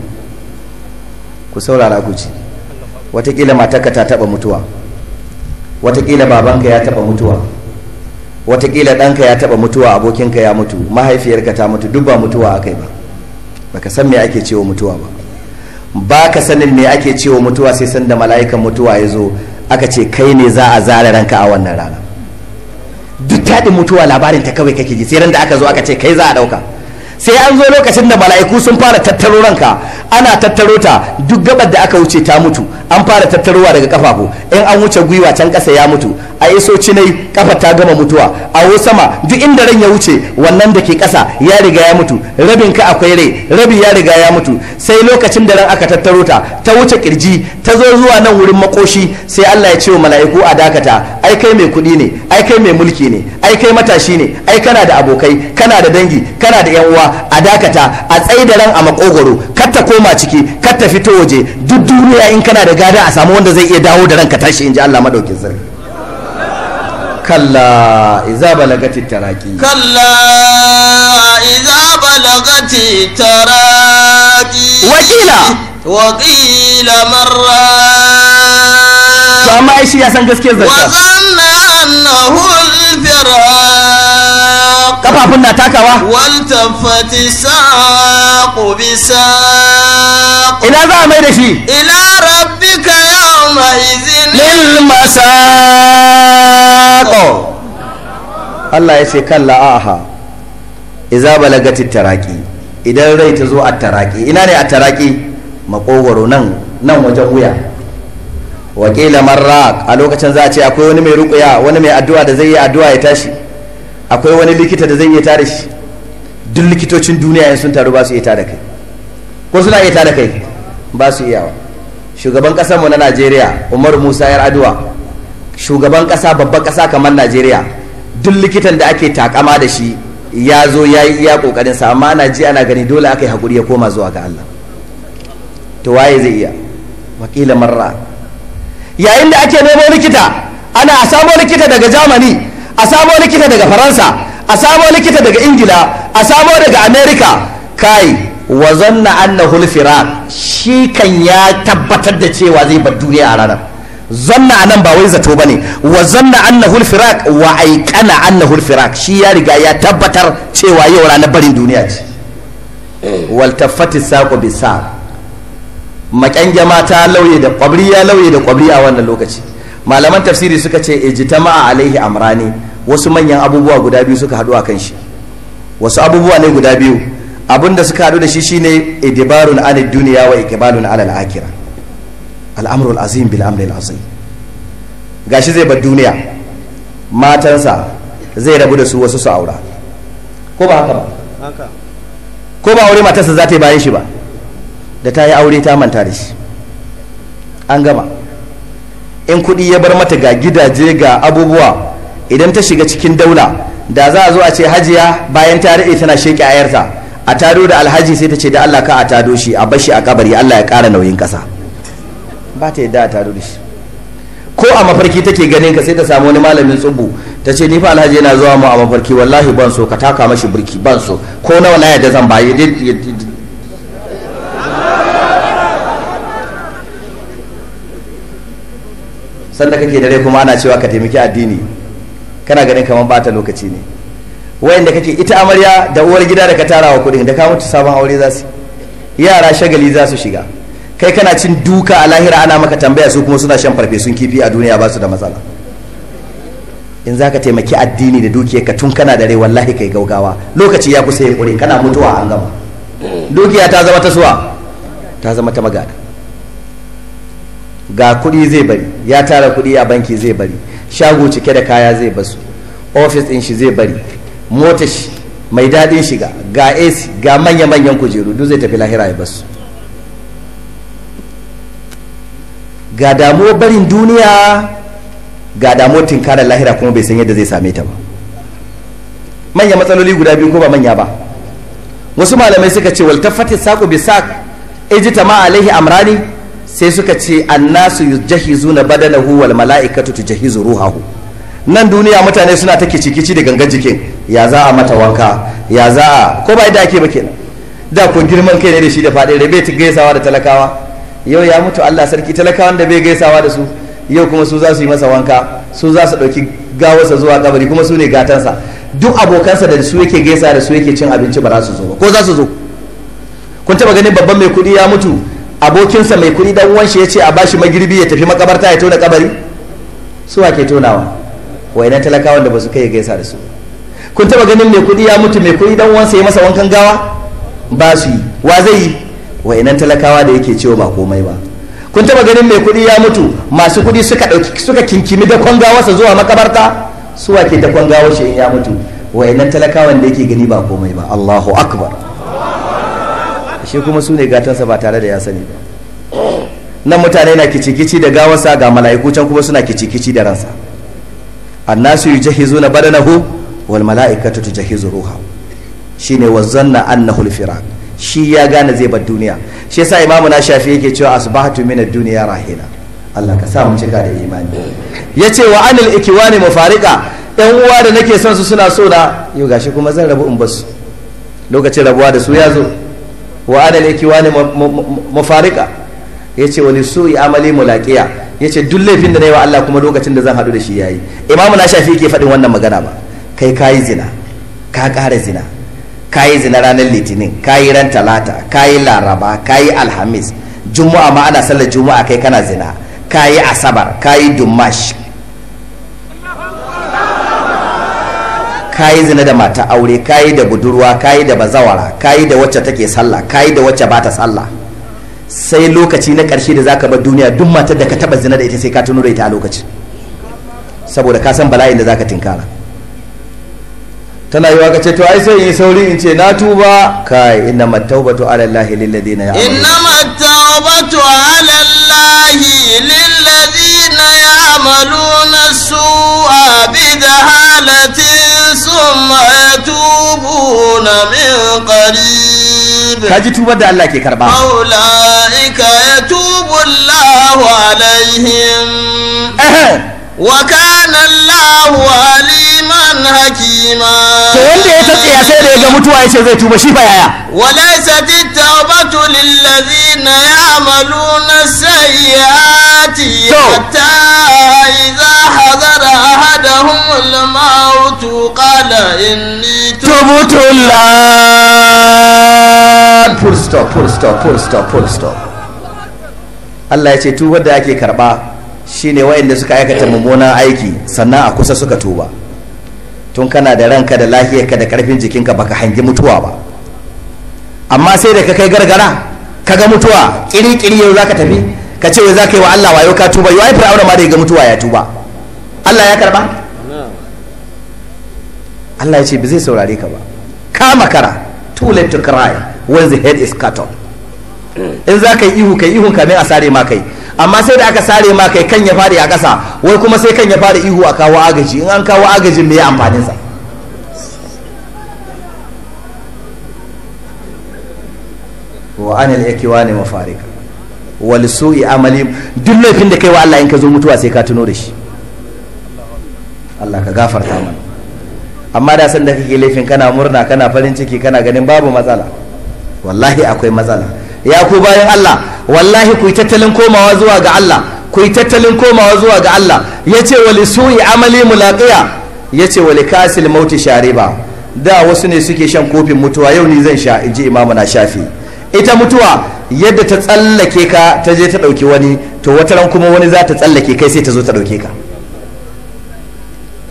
ku saurara ku ci watakila matarka ta taɓa mutuwa watakila babanka ya taba mutuwa watakila ɗanka ya taba mutuwa abokinka ya mutu mahaifiyarka ta mutu duk ba mutuwa akai ba baka san me ake cewa mutuwa ba ba ka sanin me ake cewa mutuwa sai sanda mala'ikan mutuwa ya zo aka ce kai ne za a zare ranka a wannan rana duk taɗin mutuwa labarin ta kawai kake ji sai ran da aka zo aka ce kai za a ɗauka sai an zo lokacin da mala'iku sun fara tattaro ranka ana tattaro ta duk gabar da aka wuce ta mutu an fara tattarowa daga kafafu in an wuce gwiwa can ƙasa ya mutu a iso cinai kafa ta gama mutuwa a wo sama duk inda ran ya wuce wannan da ke ƙasa ya riga ya mutu rabin ka akwai rai rabi ya riga ya mutu sai lokacin da ran aka tattaro ta ta wuce kirji ta zo zuwa nan wurin makoshi sai Allah ya ce wa mala'iku a dakata ai kai mai kuɗi ne ai kai mai mulki ne ai kai matashi ne ai kana da abokai kana da dangi kana da yan uwa a dakata a tsaye da ran a makogoro kar ta koma ciki kar ta fito waje duk duniya in kana da gada a samu wanda zai iya dawo da ranka tashi in ji Allah madaukin sarki كلا إذا بلغت التراكي كلا إذا بلغت التراكي wakila. wakila marra. to amma ai shi ya san gaskiyar zance wa zanna annahu kafafun na takawa wal tafati saqu bi saq ina za a mai da shi ila rabbika yawma izin lil masaq oh. Allah ya ce kalla aha idza balagatit taraqi idan rai ta zo a taraqi ina ne a taraqi makogoro nan nan wajen wuya wakila marraq a lokacin za a ce akwai wani mai rukuya wani mai addu'a da zai yi addu'a ya tashi akwai wani likita da zai iya tare shi duk likitocin duniya in sun taru ba su iya tare kai ko suna iya tare kai ba su iya shugaban kasar mu na Najeriya Umar Musa yar addu'a shugaban kasa babban kasa kamar Najeriya duk likitan da ake takama da shi ya zo ya yi iya kokarin sa amma ana ji ana gani dole akai yi hakuri ya koma zuwa ga Allah to waye zai iya wakila marraq yayin da ake nemo likita ana a samo likita daga jamani a samo likita daga faransa a samo likita daga ingila a samo daga america kai wa zanna annahu shi kan ya tabbatar da cewa zai bar duniya a ranar zanna nan ba wai zato ba ne wa zanna anna al wa aikana anna al shi ya riga ya tabbatar cewa yau ranar barin duniya ce eh. wal tafati sako bi maƙyangyama ta lauye da ƙwabri ya lauye da ƙwabri a wannan lokaci malaman tafsiri suka ce ijtama'a alaihi amrani wasu manyan abubuwa guda biyu suka haɗu a kan shi wasu abubuwa ne guda biyu abin da suka haɗu da shi shine idibarun anid duniya wa ikibalun alal akira al'amrul azim bil al azim gashi zai bar duniya matansa zai rabu da su wasu su aura ko ba haka ba ko ba aure matarsa za ta yi bayan shi ba da ta yi aure ta manta da shi an gama in kuɗi ya bar mata ga gidaje ga abubuwa idan ta shiga cikin daula da za a zo a ce hajiya bayan ta daɗe tana a ayarta a tado da alhaji sai ta ce da allah ka a tado shi a bashi a kabari allah ya ƙara nauyin ƙasa ba ta yadda a tado da shi ko a mafarki take ganin ka sai ta samu wani malamin tsubu ta ce ni fa alhaji yana zuwa mu a mafarki wallahi ban so ka taka mashi birki ban so ko nawa na yadda zan ba sanda kake dare kuma ana cewa ka taimaki addini kana ganin kamar bata lokaci ne wayanda kake ita amarya da uwar gida da ka tara wa kudin da ka mutu sabon aure za su yara shagali za su shiga kai kana cin duka a lahira ana maka tambaya su kuma suna shan farfesun kifi a duniya ba su da matsala in za ka taimaki addini da dukiyar ka tun kana da rai wallahi kai gaugawa lokaci ya kusa yin ƙure kana mutuwa an gama dukiya ta zama ta suwa ta zama ta magana ga kuɗi zai bari ya tara kuɗi a banki zai bari shago cike da kaya zai basu ofis ɗin shi zai bari mota shi mai daɗin shiga ga ac ga manya-manyan kujeru duk zai tafi lahira ya basu ga damuwar barin duniya ga damuwar tinkarar lahira kuma bai san yadda zai same ta ba manya matsaloli guda biyu ko ba manya ba wasu malamai suka ce waltafati saƙo bisa ma alaihi amrani sai suka ce annasu na badanahu wal mala'ikatu tujahizu ruhahu nan duniya mutane suna take cikici da gangan jikin ya za a mata wanka ya za a ko ba da ake ba kenan da ko girman kai ne da shi da faɗi da bai gaisawa da talakawa yau ya mutu Allah sarki talakawan da bai gaisawa da su yau kuma su za su yi masa wanka su za su ɗauki gawarsa zuwa kabari kuma su ne gatansa duk abokansa da su yake gaisa da su yake cin abinci ba za su zo ba ko za su zo kun taba ganin babban mai kuɗi ya mutu abokinsa mai kuɗi dan uwan shi ya ce a bashi magirbi ya tafi makabarta ya tona kabari su wa ke tonawa wayannan talakawan da ba su kai gaisa da su kun taba ganin mai kuɗi ya mutu mai kuɗi dan uwansa ya masa wankan gawa ba su yi wa zai yi wayannan talakawa da yake cewa ba komai ba kun taba ganin mai kuɗi ya mutu masu kuɗi suka ɗauki suka kinkimi da sa zuwa makabarta su wa ke da kwangawar shi in ya mutu wayannan talakawan da yake gani ba komai ba Allahu akbar shi kuma su ne gatansa ba tare da ya sani ba nan mutane na kicikici da gawansa ga mala'iku can kuma suna kicikici da ransa annasu yujahizuna badanahu wal mala'ikatu tujahizu ruha shine wazanna annahu al-firaq shi ya gane zai bar duniya shi yasa imamu na shafi yake cewa asbahatu min ad-dunya rahina Allah ka sa mu cika da imani yace wa anil ikiwani mufariqa yan uwa da nake son su suna so na yau gashi kuma zan rabu in basu lokacin rabuwa da su ya zo wa adam yake wani mafarika ya ce wani su'i amali mulaqiya ya ce duk laifin da na yi wa Allah kuma lokacin da zan haɗu da shi ya yi imamu na shafi yake faɗin wannan magana ba kai ka yi zina ka ƙara zina ka yi zina ranar litinin ka yi ran talata ka yi laraba ka yi alhamis juma'a ma ana sallar juma'a kai kana zina ka yi asabar ka yi dumash kayi zina da mata aure kayi da budurwa kayi da bazawara kayi da wacce take sallah kayi da wacce bata sallah sai lokaci na karshe da zaka bar duniya duk matar da ka taba zina da ita sai ka tuno da ita a lokaci. saboda ka san bala'in da zaka tinkara tana yiwa ka ce to ai sai yi sauri in ce na tuba kai inna mattaubatu ala allahi lil ladina inna mattaubatu ala الله للذين يعملون السوء بجهالة ثم يتوبون من قريب كاجي توبة دا الله كي كربا أولئك يتوب الله عليهم وكان الله عليما حكيما mutuwa ya ce zai tuba shi ba yaya walaisa tawbatu lillazina ya'maluna sayyiati hatta idza hadara ahaduhum al-maut qala inni tubtu full stop full stop full stop full stop Allah ya ce tubar da ake karba shine wayanda suka aikata mummunan aiki sannan a kusa suka tuba tun kana da ranka da ka da karfin jikinka baka hangi mutuwa ba amma sai da ka kai gargara ka ga mutuwa kiri kiri yau za ka tafi ka ce wai ka yi wa Allah wayo ka tuba yau ai fir'auna ma da ga mutuwa ya tuba Allah ya karba Allah ya ce ba zai saurare ka ba ka makara too late to cry when the head is cut off in ka yi ihu kai ihun ka mai asare ma kai amma sai da aka sare ma kai kan ya fadi a ƙasa wai kuma sai kan ya fara ihu a kawo agaji in an kawo agajin me amfanin sa wa anil ikwani mafarika wal su'i amali duk laifin da kai wa Allah in ka zo mutuwa sai ka tuno da shi Allah ka gafarta mana amma da san da kake laifin kana murna kana farin ciki kana ganin babu matsala wallahi akwai matsala ya ku bayan Allah wallahi ku yi tattalin komawa zuwa ga Allah ku yi tattalin komawa zuwa ga Allah yace wali su'i amali mulaqiya yace wali kasil mauti shariba da wasu ne suke shan kofin mutuwa yau ni zan sha inji imamu na shafi ita mutuwa yadda ta tsallake ka ta je ta ɗauki wani to wata ran kuma wani za ta tsallake kai sai ta zo ta ɗauke ka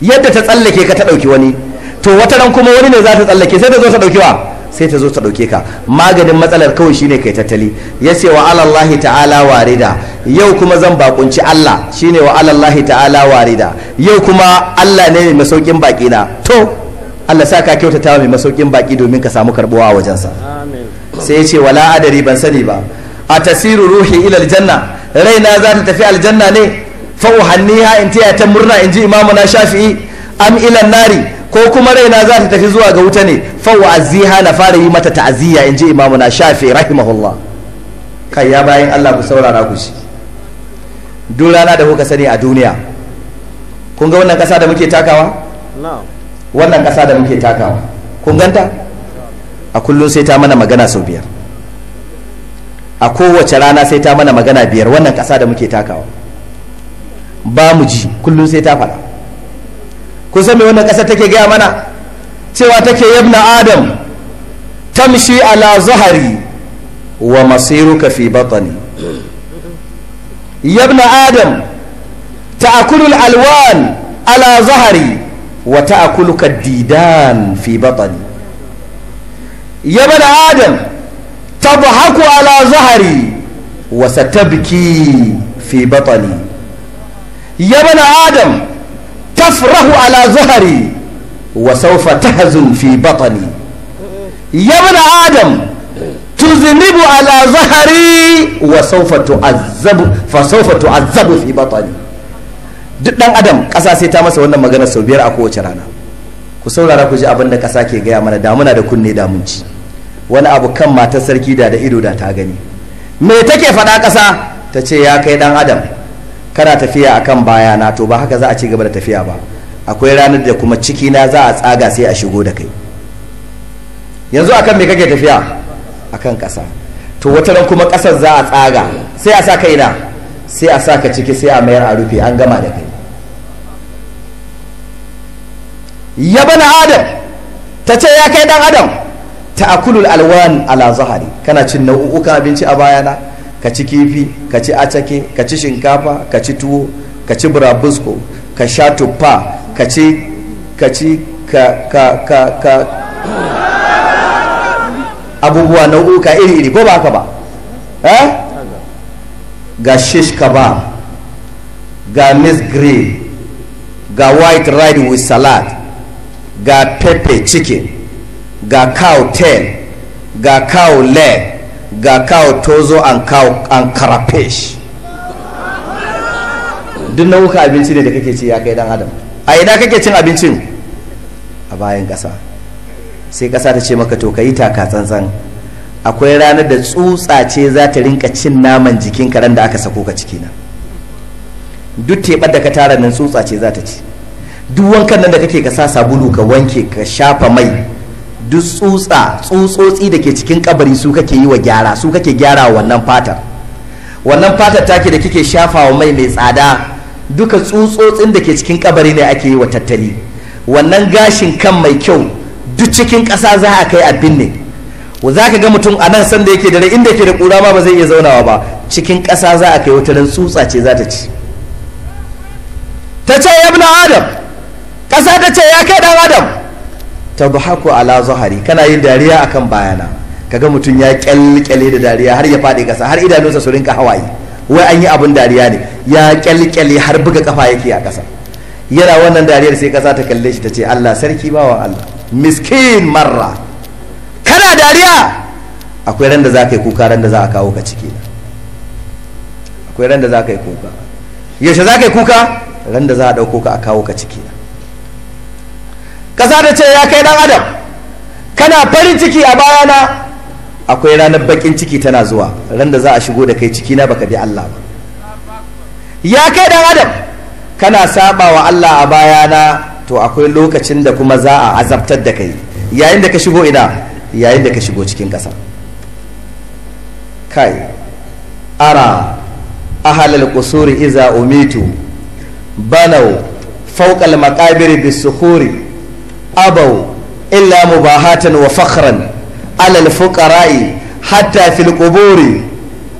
yadda ta tsallake ka ta ɗauki wani to wata ran kuma wani ne za ta tsallake sai ta zo ta ɗauki wa sai ta zo ta ɗauke ka maganin matsalar kawai shine kai tattali ya ce wa alallahi ta'ala warida yau kuma zan bakunci Allah shine wa alallahi ta'ala warida yau kuma Allah ne mai masaukin baki na to Allah sa ka kyauta ta mai masaukin baki domin ka samu karbuwa a wajensa sai ya ce wala adari ban sani ba a tasiru ruhi ila aljanna raina za ta tafi aljanna ne fa uhanniha in taya ta murna in ji imamu na shafi'i am ila nari ko kuma raina za ta tafi zuwa ga wuta ne fawa aziha na fara yi mata ta'aziyya in ji imamu na shafi rahimahullah kai ya bayan Allah ku saurara ku shi duk rana da kuka sani a duniya kun ga wannan kasa da muke takawa wannan kasa da muke takawa kun ganta a kullum sai ta mana magana sau biyar a kowace rana sai ta mana magana biyar wannan kasa da muke takawa ba mu ji kullum sai ta faɗa kusan mai wannan ƙasar take gaya mana cewa take yabna adam tamshi ala zahari wa masiruka fi batani yabna adam ta'akulu alwan ala zahari wa ta'akuluka didan fi batani yabna adam tadhaku ala zahari wa satabki fi batani yabna adam تفرح على ظهري وسوف تهزم في بطني يا ابن آدم تذنب على ظهري وسوف تعذب فسوف تعذب في بطني duk dan adam ƙasa sai ta masa wannan magana sau biyar a kowace rana ku saurara ku ji abin da ƙasa ke gaya mana muna da kunne damunci wani abu kan matar sarki da da ido da ta gani me take faɗa ƙasa ta ce ya kai ɗan adam kana tafiya akan baya na to ba haka za a ci gaba da tafiya ba akwai ranar da kuma ciki na za a tsaga sai a shigo da kai yanzu akan me kake tafiya akan ƙasa to wata ran kuma kasar za a tsaga sai a sa kai na sai a sa ka ciki sai a mayar a rufe an gama da kai ya bana adam ta ce ya kai dan adam ta akulul alwan ala zahari kana cin nau'uka abinci a bayana ka ci kifi ka ci acake ka ci shinkafa ka ci tuwo ka ci burabusko ka sha tuffa ka ci ka ci ka ka ka ka abubuwa nau'uka iri-iri ko ba haka ba eh? ga shish kebab ga miss green ga white riding with salad ga pepper chicken ga cow tail ga cow leg ga kawo tozo an kawo an karafish duk nau'uka abinci ne da kake ci ya kai dan adam a ina kake cin abincin a bayan ƙasa sai ƙasa ta ce maka to ka yi taka tsantsan akwai ranar da tsutsa ce za ta rinka cin naman jikin karen da aka sako ka ciki na duk teɓar da ka tara nan tsutsa ce za ta ci duk wankan nan da kake ka sa sabulu ka wanke ka shafa mai duk tsutsa tsutsotsi da ke cikin kabari su kake yi wa gyara su kake gyara wannan fatar wannan fatar take da kike shafawa mai mai tsada duka tsutsotsin da ke cikin kabari ne ake yi wa tattali wannan gashin kan mai kyau duk cikin ƙasa za a kai abin ne za ka ga mutum a nan sanda yake da inda yake da ƙura ma ba zai iya zaunawa ba cikin ƙasa za a kai wata tsutsa ce za ta ci ta ce ya adam ƙasa ta ce ya kai dan adam tadhaku ala zahari kana yin dariya akan bayana kaga mutum ya kyalkyale da dariya har ya faɗi kasa har idanunsa su rinka hawaye wai an yi abin dariya ne ya kyalkyale har buga kafa yake a ƙasa yana wannan dariyar sai ƙasa ta kalle shi ta ce Allah sarki bawa Allah miskin marra kana dariya akwai ran da za ka yi kuka ran da za a kawo ka ciki akwai ran da za ka yi kuka yaushe za ka yi kuka ran da za a ɗauko ka a kawo ka ciki na ƙasa da ce ya kai ɗan adam kana farin ciki a bayana akwai ranar baƙin ciki tana zuwa ran da za a shigo da kai ciki na baka bi Allah ba ya kai ɗan adam kana saba wa Allah a bayana to akwai lokacin da kuma za a azabtar da kai yayin da ka shigo ina yayin da ka shigo cikin ƙasa kai ara ahalal qusuri iza umitu banau fawqa al maqabir bis sukhuri أبوا إلا مباهاة وفخرا على الفقراء حتى في القبور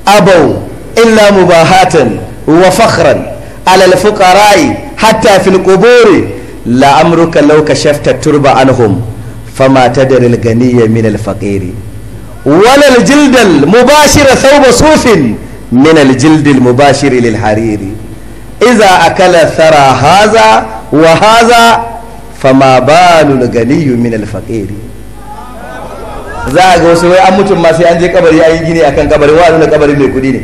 أبوا إلا مباهاة وفخرا على الفقراء حتى في القبور لأمرك لو كشفت التربة عنهم فما تدري الغني من الفقير ولا الجلد المباشر ثوب صوف من الجلد المباشر للحرير إذا أكل ثرى هذا وهذا fama balul ganiyu min alfaqiri za a ga wasu wai an mutum ma sai an je kabari an yi gini akan kabari wa nuna kabari mai kudi ne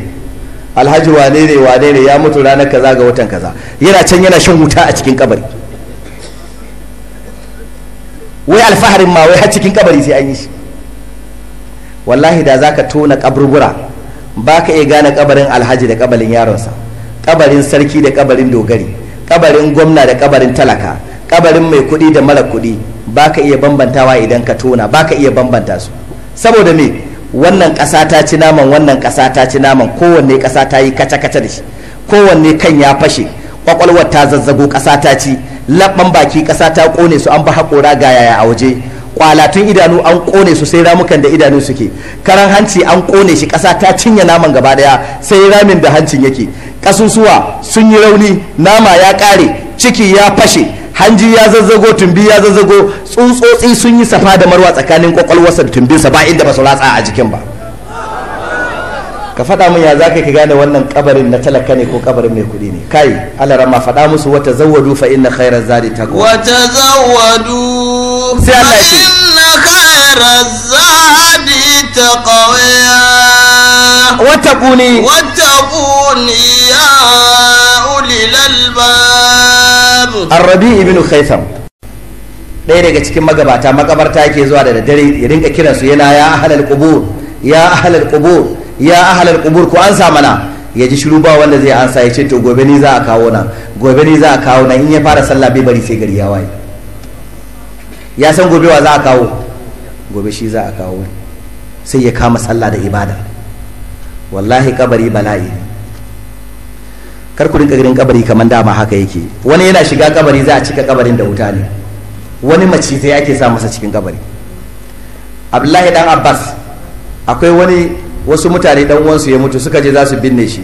alhaji wane ne wane ne ya mutu ranar kaza ga watan kaza yana can yana shan wuta a cikin kabari wai alfaharin ma wai har cikin kabari sai an yi shi wallahi da zaka tona kaburbura ba ka iya gane kabarin alhaji da kabarin yaronsa kabarin sarki da kabarin dogari kabarin gwamna da kabarin talaka kabarin mai kuɗi da mara kuɗi ba ka iya bambantawa idan ka tona ba ka iya bambanta su saboda me wannan ƙasa ta ci naman wannan ƙasa ta ci naman kowanne ƙasa ta yi kaca-kaca da shi kowanne kan ya fashe ƙwaƙwalwar ta zazzago ƙasa ta ci labban baki ƙasa ta ƙone su an ba haƙora ga yaya a waje kwalatun idanu an ƙone su sai ramukan da idanu suke karan hanci an ƙone shi ƙasa ta cinye naman gaba ɗaya sai ramin da hancin yake ƙasusuwa sun yi rauni nama ya ƙare ciki ya fashe hanji ya zazzago tumbi ya zazzago tsutsotsi sun yi safa da marwa tsakanin kwakwalwarsa da tumbinsa ba inda ba su ratsa a jikin ba ka faɗa min ya zaka ka gane wannan kabarin na talaka ne ko kabarin mai kuɗi ne kai Allah rama faɗa musu wata zawadu fa inna khairaz zadi taqwa wata zawadu sai Allah ya ce wata تقويا wata واتقوني ya ulil albab Arrabi ibn Khaytham ɗaya daga cikin magabata makabarta yake zuwa da daddare ya rinka kiransu yana ya ahlal qubur ya ahlal qubur ya ahlal qubur ku ansa mana ya ji shiru ba wanda zai ansa ya ce to gobe ni za a kawo na gobe ni za a kawo na in ya fara sallah bai bari sai gari ya waye ya san gobe wa za a kawo gobe shi za a kawo sai ya kama sallah da ibada wallahi kabari bala'i kar ku rinka ganin kabari kamar dama haka yake wani yana shiga kabari za a cika kabarin da wuta ne wani macizai ake sa masa cikin kabari abdullahi dan abbas akwai wani wasu mutane dan uwansu ya mutu suka je za su binne shi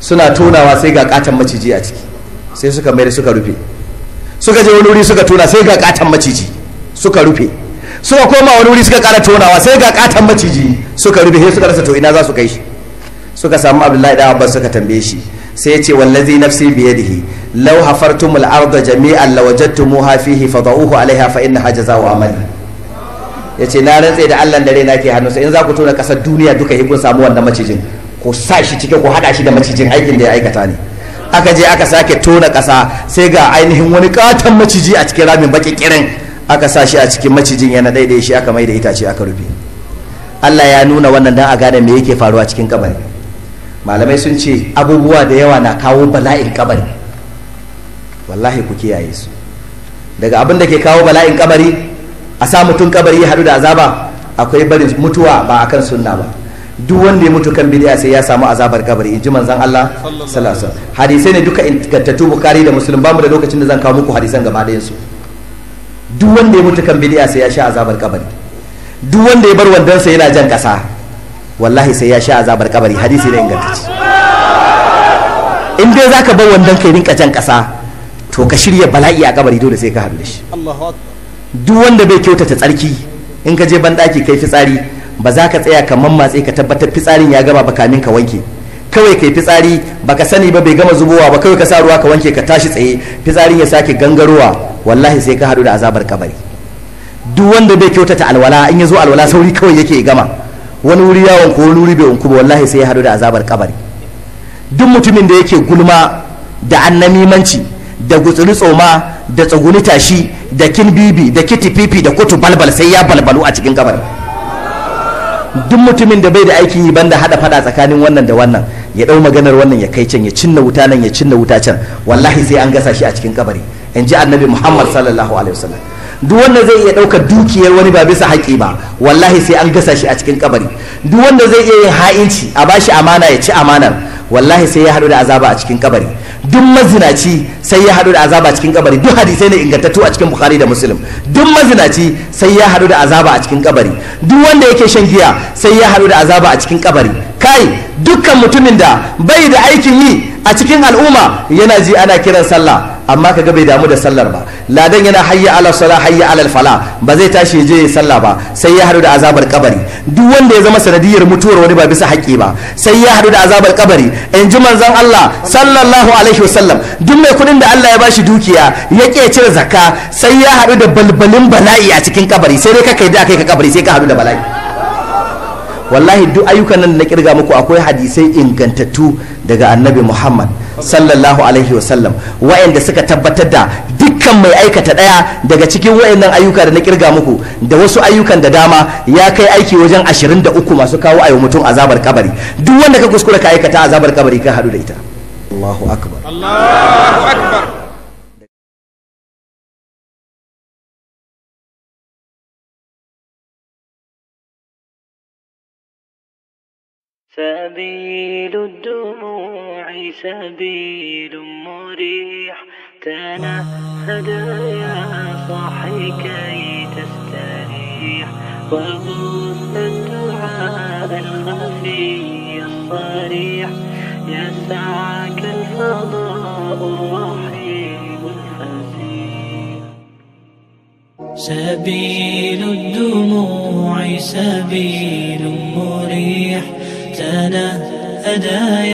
suna tonawa sai ga katon maciji a ciki sai suka mayar suka rufe suka je wani wuri suka tona sai ga katon maciji suka rufe suka koma wani wuri suka kara tonawa sai ga katon maciji suka rufe sai suka rasa to ina za su kai shi suka samu abdullahi dan abbas suka tambaye shi sai ya ce wallazi nafsi biyadihi law hafartumul arda jami'an lawajadtumuha fihi fadauhu alaiha fa za wa amali yace na rantse da Allah da raina ke hannunsa in za ku tona kasar duniya duka yi kun samu wannan macijin ku sa shi cike ku hada shi da macijin aikin da ya aikata ne aka je aka sake tona kasa sai ga ainihin wani katon maciji a cikin ramin baki kirin aka sa shi a cikin macijin yana daidai shi aka mai da itace aka rufe Allah ya nuna wannan dan a gane me yake faruwa cikin kabari malamai sun ce abubuwa da yawa na kawo bala'in kabari wallahi ku kiyaye su daga abin da ke kawo bala'in kabari a sa mutum kabari ya haɗu da azaba akwai barin mutuwa ba akan sunna ba duk wanda ya mutu kan bidiya sai ya samu azabar kabari ji manzan Allah sallallahu hadisai ne duka ingantattu bukari da musulun bamu da lokacin da zan kawo muku hadisan gaba da su duk wanda ya mutu kan bidiya sai ya sha azabar kabari duk wanda ya bar wandansa yana jan kasa wallahi sai ya sha azabar kabari hadisi ne ingantacce in dai zaka bar wandan kai rinka jan kasa to ka shirya bala'i a kabari dole sai ka haɗu da shi duk wanda bai kyautata tsarki in ka je banɗaki kai fitsari ba za ka tsaya ka mammatse ka tabbatar fitsarin ya gama ba ka wanke kawai kai fitsari baka sani ba bai gama zubowa ba kawai ka sa ruwa ka wanke ka tashi tsaye fitsarin ya sake gangarowa wallahi sai ka haɗu da azabar kabari duk wanda bai kyautata alwala in ya zo alwala sauri kawai yake gama wani wuri ya wanku wani wuri bai wanku ba wallahi sai ya hadu da azabar kabari duk mutumin da yake gulma da annamimanci da gutsuri tsoma da tsaguni tashi da kin bibi da kiti pipi da kotu balbal sai ya balbalu a cikin kabari duk mutumin da bai da aikin yi banda hada fada tsakanin wannan da wannan ya dau maganar wannan ya kai can ya cinna wuta nan ya cinna wuta can wallahi sai an gasa shi a cikin kabari in ji annabi muhammad sallallahu alaihi wasallam duk wanda zai iya ɗaukar dukiyar wani ba bisa haƙi ba wallahi sai an gasa shi a cikin kabari duk wanda zai iya yin ha'inci a bashi amana ya ci amanar wallahi sai ya haɗu da azaba a cikin kabari duk mazinaci sai ya haɗu da azaba a cikin kabari duk hadisai ne ingantattu a cikin bukhari da muslim duk mazinaci sai ya haɗu da azaba a cikin kabari duk wanda yake shan giya sai ya haɗu da azaba a cikin kabari kai dukkan mutumin da bai da aikin yi a cikin al'umma yana ji ana kiran sallah amma kaga bai damu da sallar ba ladan yana hayya ala sala hayya ala fala ba zai tashi je ya sallah ba sai ya hadu da azabar kabari duk wanda ya zama sanadiyar mutuwar wani ba bisa haƙƙi ba sai ya hadu da azabar kabari in ji manzon Allah sallallahu alaihi wasallam duk mai kuɗin da Allah ya bashi dukiya ya ke cire zakka sai ya haɗu da balbalin bala'i a cikin kabari sai dai ka kai da kai ka kabari sai ka hadu da bala'i wallahi duk ayyukan nan da na kirga muku akwai hadisai ingantattu daga annabi muhammad sallallahu alaihi wasallam wa'anda suka tabbatar da dukkan mai aikata daya daga cikin wa'annan ayyuka da na kirga muku da wasu ayyukan da dama ya kai aiki wajen 23 masu kawo ayo mutum azabar kabari duk wanda ka kuskura ka aikata azabar kabari ka hadu da ita Allahu akbar Allahu akbar سبيل مريح تنهد يا صاحي كي تستريح وغص الدعاء الخفي الصريح يسعك الفضاء الرحيم الفسيح سبيل الدموع سبيل مريح تنهد